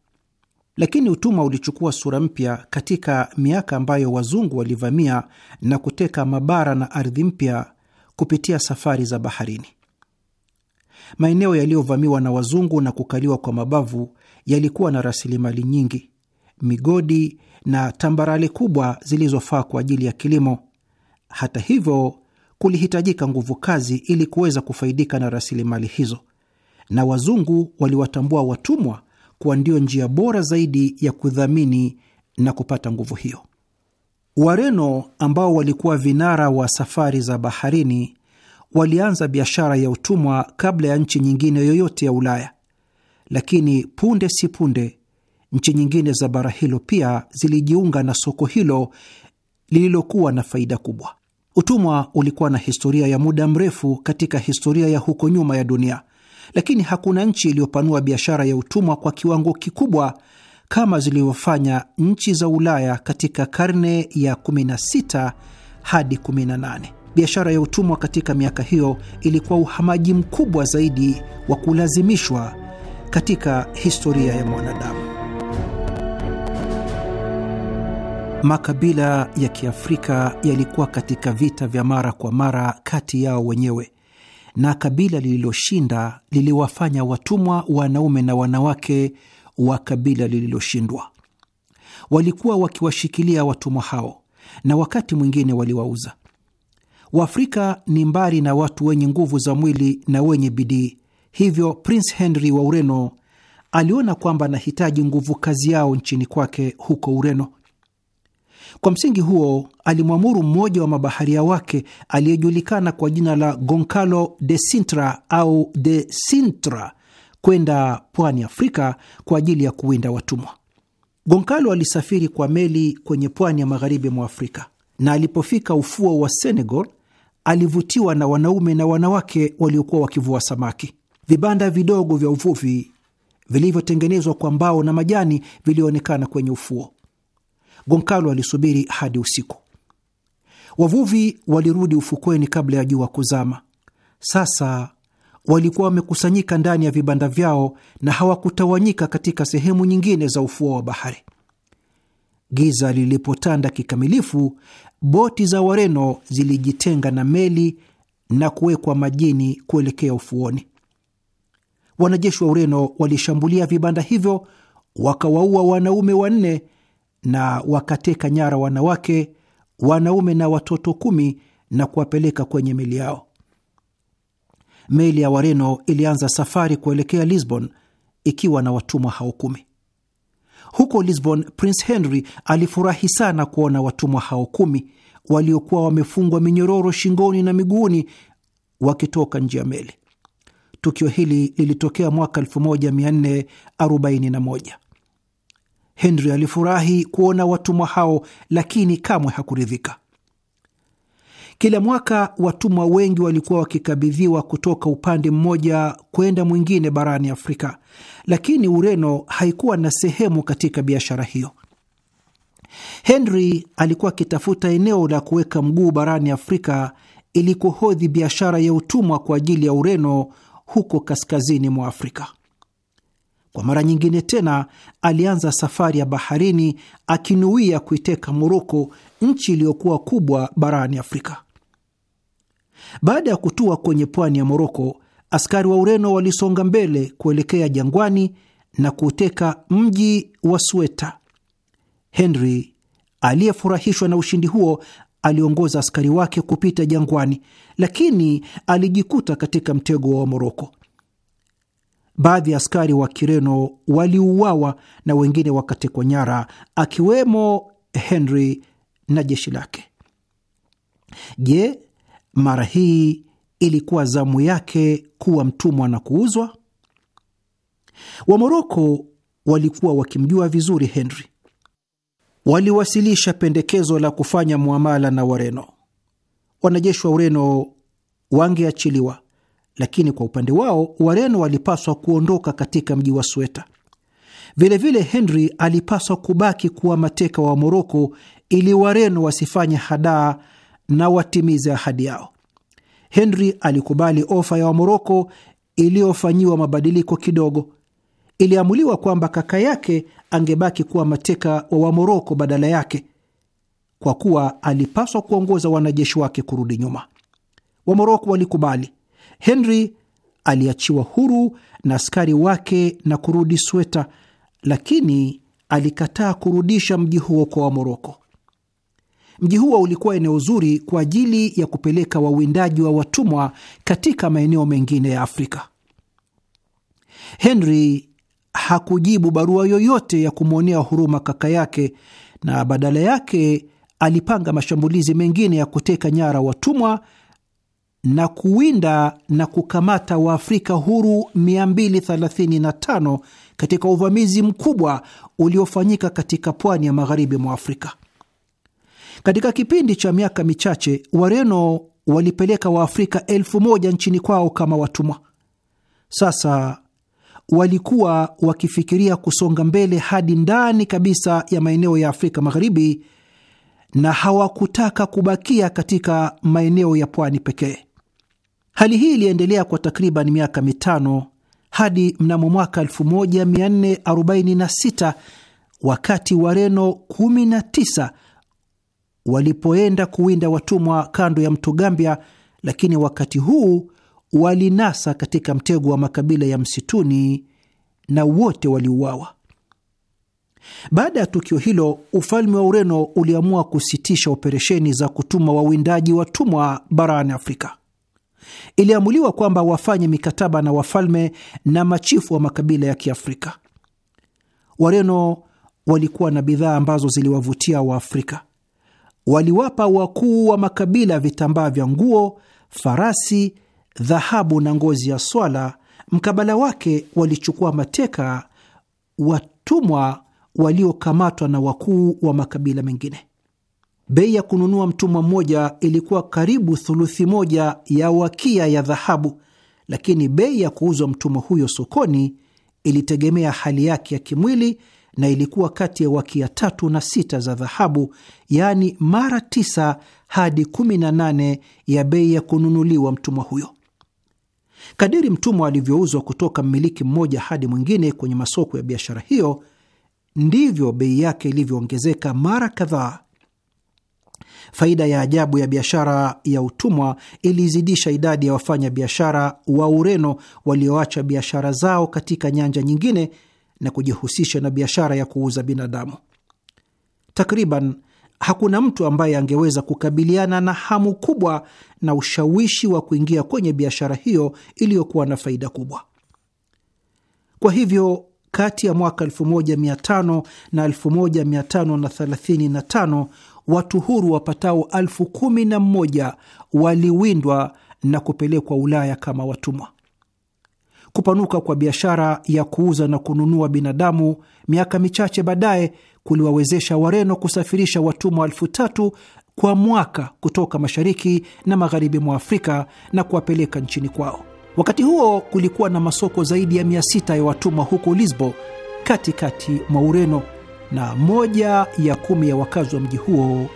Lakini utumwa ulichukua sura mpya katika miaka ambayo wazungu walivamia na kuteka mabara na ardhi mpya kupitia safari za baharini. Maeneo yaliyovamiwa na wazungu na kukaliwa kwa mabavu yalikuwa na rasilimali nyingi, migodi na tambarale kubwa zilizofaa kwa ajili ya kilimo. Hata hivyo, kulihitajika nguvu kazi ili kuweza kufaidika na rasilimali hizo, na wazungu waliwatambua watumwa kuwa ndio njia bora zaidi ya kudhamini na kupata nguvu hiyo. Wareno ambao walikuwa vinara wa safari za baharini walianza biashara ya utumwa kabla ya nchi nyingine yoyote ya Ulaya, lakini punde si punde nchi nyingine za bara hilo pia zilijiunga na soko hilo lililokuwa na faida kubwa. Utumwa ulikuwa na historia ya muda mrefu katika historia ya huko nyuma ya dunia, lakini hakuna nchi iliyopanua biashara ya utumwa kwa kiwango kikubwa kama zilivyofanya nchi za Ulaya katika karne ya 16 hadi 18. Biashara ya utumwa katika miaka hiyo ilikuwa uhamaji mkubwa zaidi wa kulazimishwa katika historia ya mwanadamu. Makabila ya Kiafrika yalikuwa katika vita vya mara kwa mara kati yao wenyewe, na kabila lililoshinda liliwafanya watumwa wanaume na wanawake wa kabila lililoshindwa. Walikuwa wakiwashikilia watumwa hao na wakati mwingine waliwauza. Waafrika ni mbali na watu wenye nguvu za mwili na wenye bidii, hivyo Prince Henry wa Ureno aliona kwamba anahitaji nguvu kazi yao nchini kwake huko Ureno. Kwa msingi huo, alimwamuru mmoja wa mabaharia wake aliyejulikana kwa jina la Goncalo de Sintra au de Sintra kwenda pwani Afrika kwa ajili ya kuwinda watumwa. Goncalo alisafiri kwa meli kwenye pwani ya magharibi mwa Afrika na alipofika ufuo wa Senegal alivutiwa na wanaume na wanawake waliokuwa wakivua samaki. Vibanda vidogo vya uvuvi vilivyotengenezwa kwa mbao na majani vilionekana kwenye ufuo. Gonkalo alisubiri hadi usiku. Wavuvi walirudi ufukweni kabla ya jua kuzama. Sasa walikuwa wamekusanyika ndani ya vibanda vyao na hawakutawanyika katika sehemu nyingine za ufuo wa bahari. Giza lilipotanda kikamilifu, boti za Wareno zilijitenga na meli na kuwekwa majini kuelekea ufuoni. Wanajeshi wa Ureno walishambulia vibanda hivyo, wakawaua wanaume wanne na wakateka nyara wanawake, wanaume na watoto kumi na kuwapeleka kwenye meli yao. Meli ya Wareno ilianza safari kuelekea Lisbon ikiwa na watumwa hao kumi. Huko Lisbon, Prince Henry alifurahi sana kuona watumwa hao kumi waliokuwa wamefungwa minyororo shingoni na miguuni wakitoka nje ya meli. Tukio hili lilitokea mwaka 1441. Henry alifurahi kuona watumwa hao, lakini kamwe hakuridhika. Kila mwaka watumwa wengi walikuwa wakikabidhiwa kutoka upande mmoja kwenda mwingine barani Afrika, lakini Ureno haikuwa na sehemu katika biashara hiyo. Henry alikuwa akitafuta eneo la kuweka mguu barani Afrika ili kuhodhi biashara ya utumwa kwa ajili ya Ureno huko kaskazini mwa Afrika. Kwa mara nyingine tena alianza safari ya baharini akinuia kuiteka Moroko nchi iliyokuwa kubwa barani Afrika. Baada ya kutua kwenye pwani ya Moroko, askari wa Ureno walisonga mbele kuelekea jangwani na kuuteka mji wa Sweta. Henry aliyefurahishwa na ushindi huo aliongoza askari wake kupita jangwani, lakini alijikuta katika mtego wa Moroko. Baadhi ya askari wa Kireno waliuawa na wengine wakatekwa nyara, akiwemo Henry na jeshi lake. Je, mara hii ilikuwa zamu yake kuwa mtumwa na kuuzwa? Wamoroko walikuwa wakimjua vizuri Henry. Waliwasilisha pendekezo la kufanya muamala na Wareno. Wanajeshi wa Ureno wangeachiliwa, lakini kwa upande wao Wareno walipaswa kuondoka katika mji wa Sweta. Vilevile Henry alipaswa kubaki kuwa mateka wa Moroko ili Wareno wasifanye hadaa na watimize ahadi yao. Henry alikubali ofa ya Wamoroko iliyofanyiwa mabadiliko kidogo. Iliamuliwa kwamba kaka yake angebaki kuwa mateka wa Wamoroko badala yake, kwa kuwa alipaswa kuongoza wanajeshi wake kurudi nyuma. Wamoroko walikubali. Henry aliachiwa huru na askari wake na kurudi Sweta, lakini alikataa kurudisha mji huo kwa Wamoroko. Mji huo ulikuwa eneo zuri kwa ajili ya kupeleka wawindaji wa watumwa katika maeneo mengine ya Afrika. Henry hakujibu barua yoyote ya kumwonea huruma kaka yake, na badala yake alipanga mashambulizi mengine ya kuteka nyara watumwa na kuwinda na kukamata Waafrika huru 235 katika uvamizi mkubwa uliofanyika katika pwani ya magharibi mwa Afrika. Katika kipindi cha miaka michache, Wareno walipeleka Waafrika elfu moja nchini kwao kama watumwa. Sasa walikuwa wakifikiria kusonga mbele hadi ndani kabisa ya maeneo ya Afrika Magharibi na hawakutaka kubakia katika maeneo ya pwani pekee. Hali hii iliendelea kwa takriban miaka mitano hadi mnamo mwaka 1446 wakati Wareno 19 walipoenda kuwinda watumwa kando ya mto Gambia, lakini wakati huu walinasa katika mtego wa makabila ya msituni na wote waliuawa. Baada ya tukio hilo, ufalme wa Ureno uliamua kusitisha operesheni za kutuma wawindaji watumwa barani Afrika. Iliamuliwa kwamba wafanye mikataba na wafalme na machifu wa makabila ya Kiafrika. Wareno walikuwa na bidhaa ambazo ziliwavutia Waafrika waliwapa wakuu wa makabila vitambaa vya nguo, farasi, dhahabu na ngozi ya swala. Mkabala wake walichukua mateka watumwa waliokamatwa na wakuu wa makabila mengine. Bei ya kununua mtumwa mmoja ilikuwa karibu thuluthi moja ya wakia ya dhahabu, lakini bei ya kuuzwa mtumwa huyo sokoni ilitegemea hali yake ya kimwili na ilikuwa kati ya wakia tatu na sita za dhahabu, yaani mara tisa hadi kumi na nane ya bei ya kununuliwa mtumwa huyo. Kadiri mtumwa alivyouzwa kutoka mmiliki mmoja hadi mwingine kwenye masoko ya biashara hiyo, ndivyo bei yake ilivyoongezeka mara kadhaa. Faida ya ajabu ya biashara ya utumwa ilizidisha idadi ya wafanya biashara wa Ureno walioacha biashara zao katika nyanja nyingine na kujihusisha na biashara ya kuuza binadamu. Takriban hakuna mtu ambaye angeweza kukabiliana na hamu kubwa na ushawishi wa kuingia kwenye biashara hiyo iliyokuwa na faida kubwa. Kwa hivyo kati ya mwaka 1500 na 1535 watu huru wapatao elfu kumi na mmoja waliwindwa na kupelekwa Ulaya kama watumwa. Kupanuka kwa biashara ya kuuza na kununua binadamu miaka michache baadaye kuliwawezesha Wareno kusafirisha watumwa elfu tatu kwa mwaka kutoka mashariki na magharibi mwa Afrika na kuwapeleka nchini kwao. Wakati huo kulikuwa na masoko zaidi ya mia sita ya watumwa huko Lisbo, katikati mwa Ureno, na moja ya kumi ya wakazi wa mji huo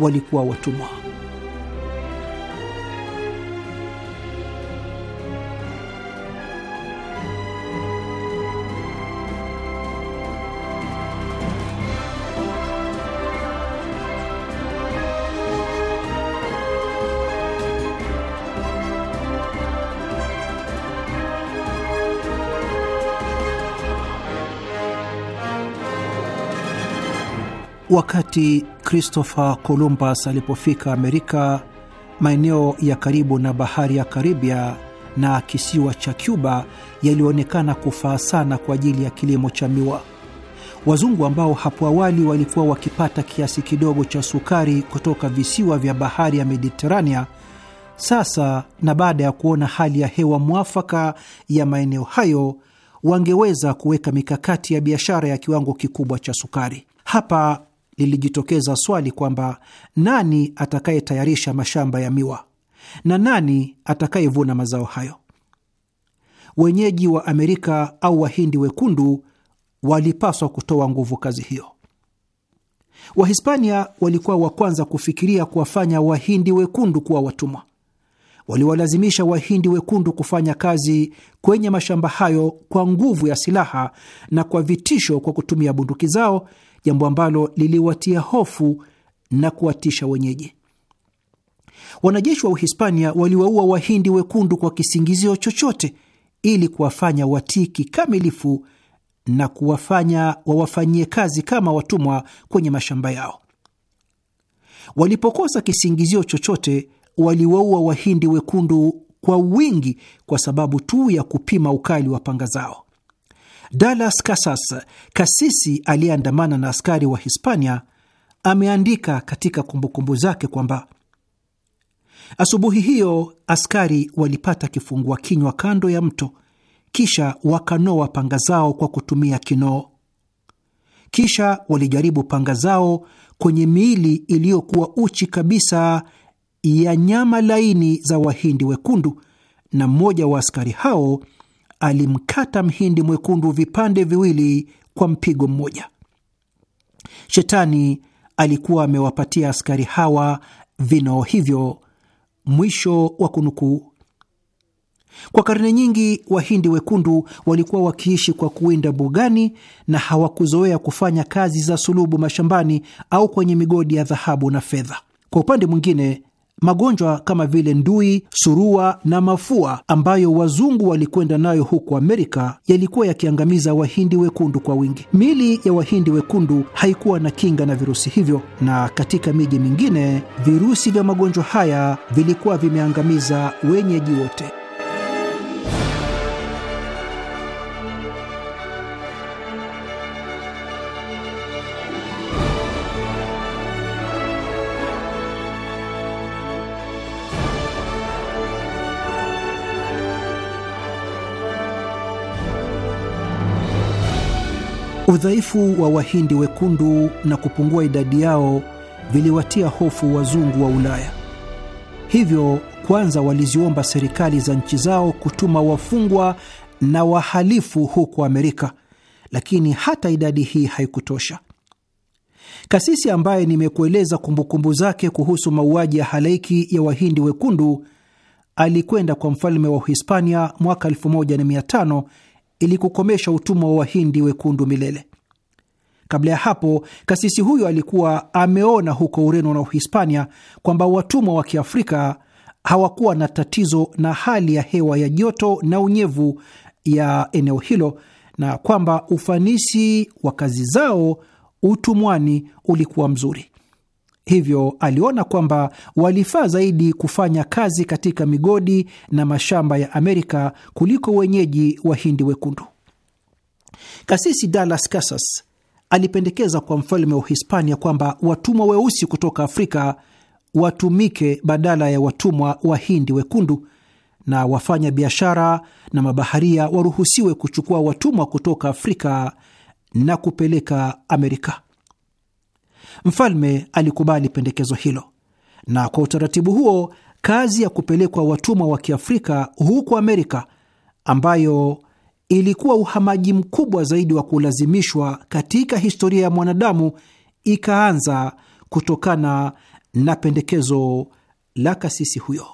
walikuwa watumwa. Wakati Christopher Columbus alipofika Amerika, maeneo ya karibu na bahari ya Karibia na kisiwa cha Cuba yalionekana kufaa sana kwa ajili ya kilimo cha miwa. Wazungu ambao hapo awali walikuwa wakipata kiasi kidogo cha sukari kutoka visiwa vya bahari ya Mediterania, sasa na baada ya kuona hali ya hewa mwafaka ya maeneo hayo, wangeweza kuweka mikakati ya biashara ya kiwango kikubwa cha sukari. Hapa lilijitokeza swali kwamba nani atakayetayarisha mashamba ya miwa na nani atakayevuna mazao hayo. Wenyeji wa Amerika au Wahindi wekundu walipaswa kutoa nguvu kazi hiyo. Wahispania walikuwa wa kwanza kufikiria kuwafanya Wahindi wekundu kuwa watumwa. Waliwalazimisha Wahindi wekundu kufanya kazi kwenye mashamba hayo kwa nguvu ya silaha na kwa vitisho kwa kutumia bunduki zao jambo ambalo liliwatia hofu na kuwatisha wenyeji. Wanajeshi wa Uhispania waliwaua Wahindi wekundu kwa kisingizio chochote ili kuwafanya watii kikamilifu na kuwafanya wawafanyie kazi kama watumwa kwenye mashamba yao. Walipokosa kisingizio chochote, waliwaua Wahindi wekundu kwa wingi kwa sababu tu ya kupima ukali wa panga zao. Dallas Casas, kasisi aliyeandamana na askari wa Hispania, ameandika katika kumbukumbu zake kwamba asubuhi hiyo askari walipata kifungua kinywa kando ya mto, kisha wakanoa panga zao kwa kutumia kinoo. Kisha walijaribu panga zao kwenye miili iliyokuwa uchi kabisa ya nyama laini za wahindi wekundu, na mmoja wa askari hao alimkata mhindi mwekundu vipande viwili kwa mpigo mmoja. Shetani alikuwa amewapatia askari hawa vinao hivyo. Mwisho wa kunukuu. Kwa karne nyingi Wahindi wekundu walikuwa wakiishi kwa kuwinda bugani na hawakuzoea kufanya kazi za sulubu mashambani au kwenye migodi ya dhahabu na fedha. Kwa upande mwingine magonjwa kama vile ndui, surua na mafua ambayo wazungu walikwenda nayo huko Amerika yalikuwa yakiangamiza wahindi wekundu kwa wingi. mili ya wahindi wekundu haikuwa na kinga na virusi hivyo, na katika miji mingine virusi vya magonjwa haya vilikuwa vimeangamiza wenyeji wote. Udhaifu wa Wahindi wekundu na kupungua idadi yao viliwatia hofu wazungu wa Ulaya. Hivyo kwanza waliziomba serikali za nchi zao kutuma wafungwa na wahalifu huko Amerika, lakini hata idadi hii haikutosha. Kasisi ambaye nimekueleza kumbukumbu zake kuhusu mauaji ya halaiki ya Wahindi wekundu alikwenda kwa mfalme wa Uhispania mwaka 1500 ili kukomesha utumwa wa Wahindi wekundu milele. Kabla ya hapo, kasisi huyo alikuwa ameona huko Ureno na Uhispania kwamba watumwa wa Kiafrika hawakuwa na tatizo na hali ya hewa ya joto na unyevu ya eneo hilo na kwamba ufanisi wa kazi zao utumwani ulikuwa mzuri. Hivyo aliona kwamba walifaa zaidi kufanya kazi katika migodi na mashamba ya Amerika kuliko wenyeji Wahindi wekundu. Kasisi Dallas Casas alipendekeza kwa mfalme wa Uhispania kwamba watumwa weusi kutoka Afrika watumike badala ya watumwa Wahindi wekundu na wafanya biashara na mabaharia waruhusiwe kuchukua watumwa kutoka Afrika na kupeleka Amerika. Mfalme alikubali pendekezo hilo, na kwa utaratibu huo kazi ya kupelekwa watumwa wa Kiafrika huko Amerika, ambayo ilikuwa uhamaji mkubwa zaidi wa kulazimishwa katika historia ya mwanadamu, ikaanza kutokana na pendekezo la kasisi huyo.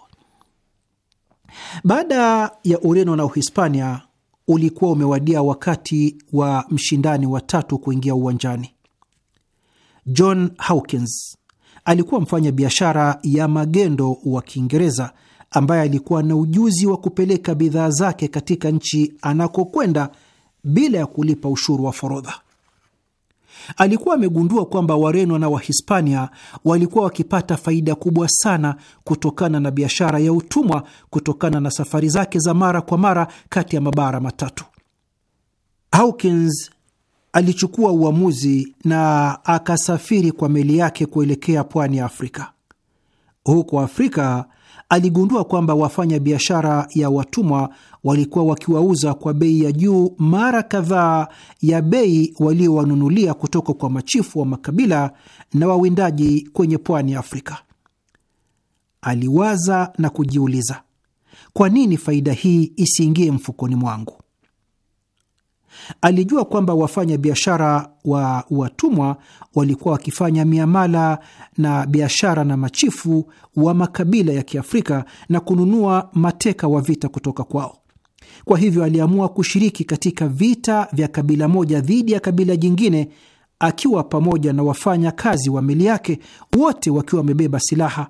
Baada ya Ureno na Uhispania, ulikuwa umewadia wakati wa mshindani wa tatu kuingia uwanjani. John Hawkins alikuwa mfanya biashara ya magendo wa Kiingereza ambaye alikuwa na ujuzi wa kupeleka bidhaa zake katika nchi anakokwenda bila ya kulipa ushuru wa forodha. Alikuwa amegundua kwamba Wareno na Wahispania walikuwa wakipata faida kubwa sana kutokana na biashara ya utumwa kutokana na safari zake za mara kwa mara kati ya mabara matatu. Hawkins alichukua uamuzi na akasafiri kwa meli yake kuelekea pwani ya Afrika. Huko Afrika aligundua kwamba wafanya biashara ya watumwa walikuwa wakiwauza kwa bei ya juu mara kadhaa ya bei waliowanunulia kutoka kwa machifu wa makabila na wawindaji kwenye pwani ya Afrika. Aliwaza na kujiuliza, kwa nini faida hii isiingie mfukoni mwangu? alijua kwamba wafanya biashara wa watumwa walikuwa wakifanya miamala na biashara na machifu wa makabila ya Kiafrika na kununua mateka wa vita kutoka kwao. Kwa hivyo aliamua kushiriki katika vita vya kabila moja dhidi ya kabila jingine, akiwa pamoja na wafanya kazi wa meli yake, wote wakiwa wamebeba silaha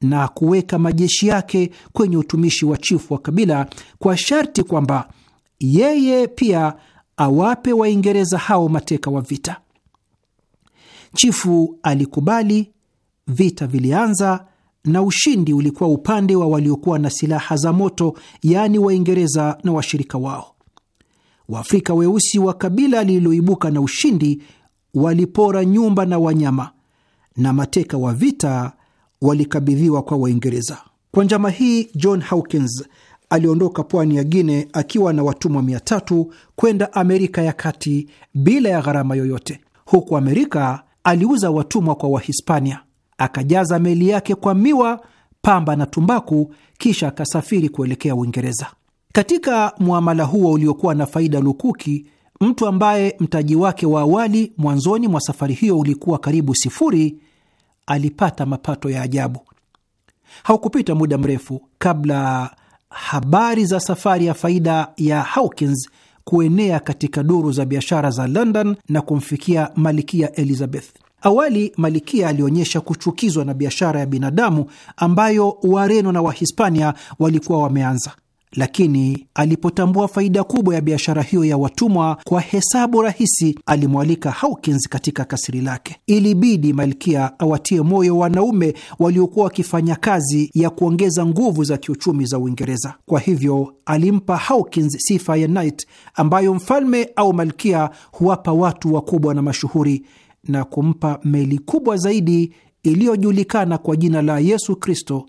na kuweka majeshi yake kwenye utumishi wa chifu wa kabila, kwa sharti kwamba yeye pia awape Waingereza hao mateka wa vita. Chifu alikubali, vita vilianza na ushindi ulikuwa upande wa waliokuwa na silaha za moto, yaani Waingereza na washirika wao. Waafrika weusi wa kabila lililoibuka na ushindi walipora nyumba na wanyama, na mateka wa vita walikabidhiwa kwa Waingereza. Kwa njama hii, John Hawkins aliondoka pwani ya Gine akiwa na watumwa mia tatu kwenda Amerika ya kati bila ya gharama yoyote. Huku Amerika aliuza watumwa kwa Wahispania, akajaza meli yake kwa miwa, pamba na tumbaku, kisha akasafiri kuelekea Uingereza. Katika mwamala huo uliokuwa na faida lukuki, mtu ambaye mtaji wake wa awali mwanzoni mwa safari hiyo ulikuwa karibu sifuri alipata mapato ya ajabu. Haukupita muda mrefu kabla habari za safari ya faida ya Hawkins kuenea katika duru za biashara za London na kumfikia Malikia Elizabeth. Awali Malikia alionyesha kuchukizwa na biashara ya binadamu ambayo Wareno na Wahispania walikuwa wameanza lakini alipotambua faida kubwa ya biashara hiyo ya watumwa kwa hesabu rahisi, alimwalika Hawkins katika kasiri lake. Ilibidi malkia awatie moyo wanaume waliokuwa wakifanya kazi ya kuongeza nguvu za kiuchumi za Uingereza. Kwa hivyo alimpa Hawkins sifa ya knight ambayo mfalme au malkia huwapa watu wakubwa na mashuhuri na kumpa meli kubwa zaidi iliyojulikana kwa jina la Yesu Kristo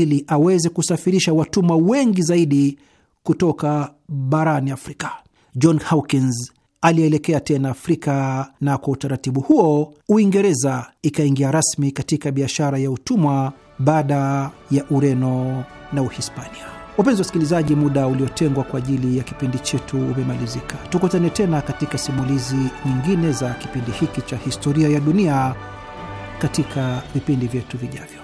ili aweze kusafirisha watumwa wengi zaidi kutoka barani Afrika. John Hawkins alielekea tena Afrika na kwa utaratibu huo Uingereza ikaingia rasmi katika biashara ya utumwa baada ya Ureno na Uhispania. Wapenzi wasikilizaji, muda uliotengwa kwa ajili ya kipindi chetu umemalizika. Tukutane tena katika simulizi nyingine za kipindi hiki cha historia ya dunia katika vipindi vyetu vijavyo.